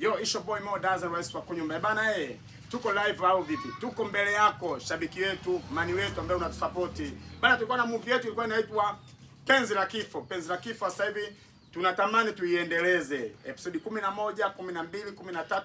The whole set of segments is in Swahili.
Yo, isho boy Mo Daza rais wa Kunyumba. Eh, bana eh, tuko live au vipi? Tuko mbele yako shabiki wetu, mani wetu ambaye unatusupport. Bana tulikuwa na movie yetu ilikuwa inaitwa Penzi la Kifo. Penzi la Kifo sasa hivi tunatamani tuiendeleze episodi 11, 12, 13, 14, 15,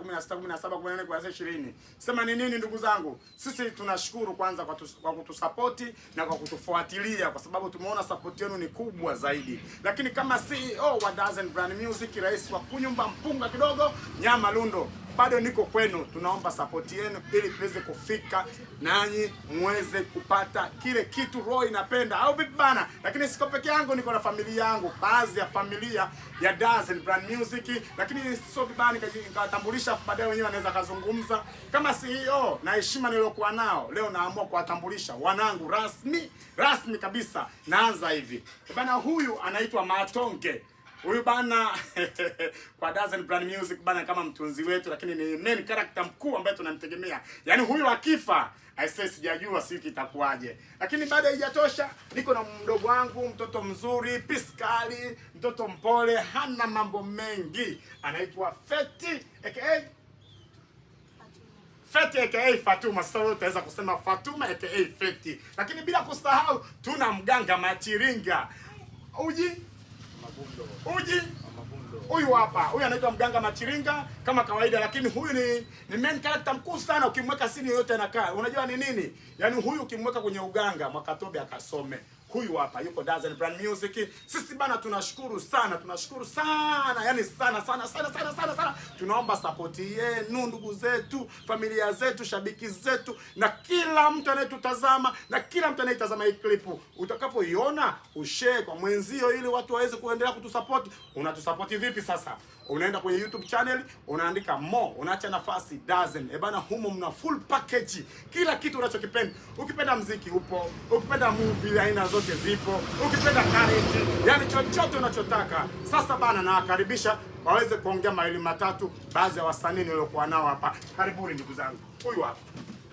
16, 17, 18, 19, 20. Sema ni nini ndugu zangu? Sisi tunashukuru kwanza kwa, tu, kwa kutusapoti na kwa kutufuatilia kwa sababu tumeona sapoti yenu ni kubwa zaidi. Lakini kama CEO wa Dazen Brand Music, rais wa Kunyumba Mpunga kidogo, Nyama Lundo bado niko kwenu, tunaomba sapoti yenu ili tuweze kufika nanyi muweze kupata kile kitu roho inapenda, au vipi bana? Lakini siko peke yangu, niko na familia yangu, baadhi ya familia ya Daz Brand Music, lakini sio vibaya nikawatambulisha, baadaye wenyewe wanaweza kazungumza. Kama CEO na heshima niliyokuwa nao, leo naamua kuwatambulisha wanangu rasmi rasmi kabisa. Naanza hivi bana, huyu anaitwa Matonge. Huyu bana kwa Dazen Brand Music bana kama mtunzi wetu, lakini ni main character mkuu ambaye tunamtegemea. Yaani huyu akifa I say sijajua siku itakuwaje. Lakini baada haijatosha, niko na mdogo wangu, mtoto mzuri, piskali, mtoto mpole, hana mambo mengi. Anaitwa Feti aka Feti aka Fatuma. Sasa wewe utaweza kusema Fatuma aka Feti. Lakini bila kusahau tuna mganga Machiringa. Uji uji huyu hapa, huyu anaitwa mganga Machiringa kama kawaida, lakini huyu ni ni main character mkuu sana. Ukimweka sini yoyote anakaa. Unajua ni nini? Yaani huyu ukimweka kwenye uganga Mwakatobe akasome Huyu hapa yuko Dazzle Brand Music. Sisi bana, tunashukuru sana, tunashukuru sana yani sana sana sana sana sana sana. Tunaomba support yenu, ndugu zetu, familia zetu, shabiki zetu, na kila mtu anayetutazama na kila mtu anayetazama hii clip. Utakapoiona ushare kwa mwenzio, ili watu waweze kuendelea kutusupport. Unatusupport vipi sasa? Unaenda kwenye YouTube channel, unaandika Mo, unaacha nafasi Dazzle. Eh bana, humo mna full package, kila kitu unachokipenda. Ukipenda mziki upo, ukipenda movie aina zote zipo, ukipenda kareti, yani chochote unachotaka. Sasa bana, nawakaribisha waweze kuongea mawili matatu, baadhi ya wasanii niliokuwa nao hapa. Karibuni ndugu zangu, huyu hapa.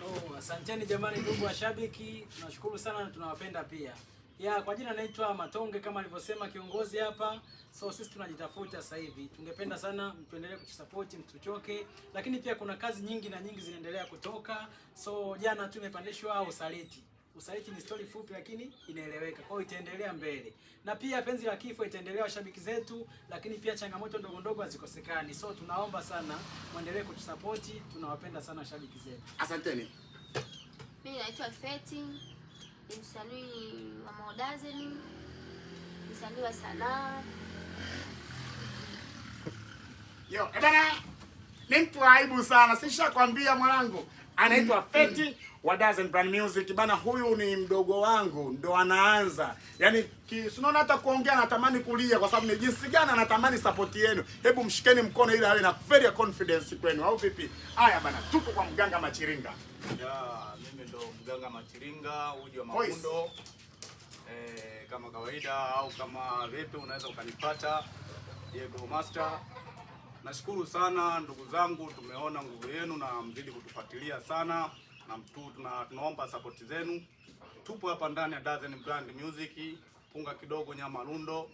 Oh, asanteni jamani, ndugu washabiki, tunashukuru sana na tunawapenda pia. Ya, kwa jina naitwa Matonge kama alivyosema kiongozi hapa. So sisi tunajitafuta sasa hivi. Tungependa sana mtuendelee kutusupport mtuchoke, lakini pia kuna kazi nyingi na nyingi zinaendelea kutoka. So jana tumepandishwa usaliti Usaliti ni stori fupi lakini inaeleweka, kwa hiyo itaendelea mbele, na pia penzi la kifo itaendelea washabiki zetu, lakini pia changamoto ndogo ndogo hazikosekani. So tunaomba sana mwendelee kutusapoti, tunawapenda sana washabiki zetu, asanteni. Mimi naitwa Feti, ni msanii wa modazeni, msanii wa sanaa. Yo, ebana, ni mtu aibu sana, sishakwambia mwanangu anaitwa Feti wa Dazen Brand Music bana, huyu ni mdogo wangu, ndo anaanza yani sinaona hata kuongea, natamani kulia kwa sababu ni jinsi gani anatamani sapoti yenu. Hebu mshikeni mkono ili awe na very confidence kwenu, au vipi? Haya bana, tuko kwa mganga Machiringa. Yeah, mimi ndo mganga Machiringa, uji wa mafundo eh, kama kawaida au kama vipi, unaweza ukanipata Diego Master Nashukuru sana ndugu zangu, tumeona nguvu yenu na mzidi kutufuatilia sana na mtu, tuna, tunaomba support zenu. Tupo hapa ndani ya Dazen Brand Music, punga kidogo, nyama lundo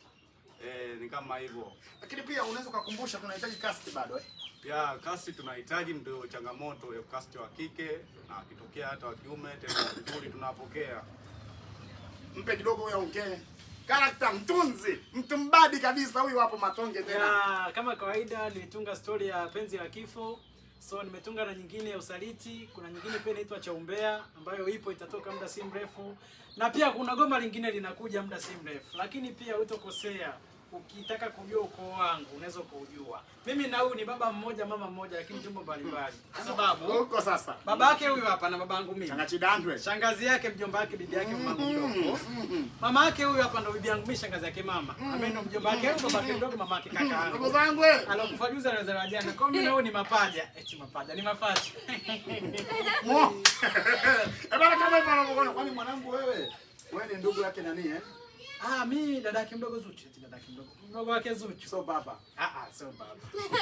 eh, ni kama hivyo. Lakini pia unaweza kukumbusha, tunahitaji cast bado eh? Ya cast tunahitaji, ndio changamoto ya cast wa kike na akitokea hata wa kiume tena vizuri tunapokea. Mpe kidogo wewe ongee karakta mtunzi, mtu mbadi kabisa huyu. Hapo matonge tena ya, kama kawaida nilitunga stori ya penzi la kifo, so nimetunga na nyingine ya usaliti. Kuna nyingine pia inaitwa chaumbea ambayo ipo itatoka muda si mrefu, na pia kuna goma lingine linakuja muda si mrefu, lakini pia utokosea ukitaka kujua ukoo wangu unaweza kujua. Mimi na huyu ni baba mmoja mama mmoja, lakini tumbo mbalimbali, kwa sababu huko sasa baba yake huyu hapa na babangu mimi, dandwe. shangazi yake, mjomba wake, bibi yake, mama mdogo, mm-hmm. mama yake huyu hapa ndo bibi yangu mimi, shangazi yake mama mm-hmm. ambaye ndo mjomba wake, huyu, baba yake mdogo, mama yake kaka yangu, ndugu zangu alokufa juzi anaweza na Kwa mimi na huyu ni mapaja, eti eh, mapaja ni mafasi. eh bana, kama hivyo anaona. Kwani mwanangu wewe, wewe ni ndugu yake nani eh? Ah, mimi dadake mdogo Zuchu, eti dadake mdogo. Mdogo wake Zuchu. So baba. Ah ah, so baba.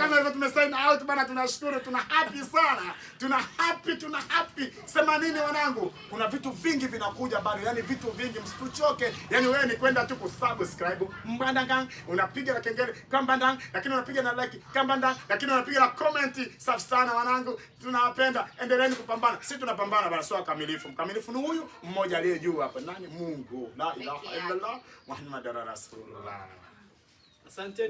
kama hivyo tumesign out bana, tunashukuru, tuna happy sana, tuna happy, tuna happy. Sema nini wanangu, kuna vitu vingi vinakuja bado, yani vitu vingi, msituchoke. Yani wewe ni kwenda tu kusubscribe mbandang, unapiga na kengele kambandang, lakini unapiga na like kambandang, lakini unapiga na comment. Safi sana wanangu, tunawapenda, endeleeni kupambana, sisi tunapambana bana, sio kamilifu. Mkamilifu ni huyu mmoja aliye juu hapa, nani? Mungu, la ilaha illallah, Muhammadur rasulullah. Asante.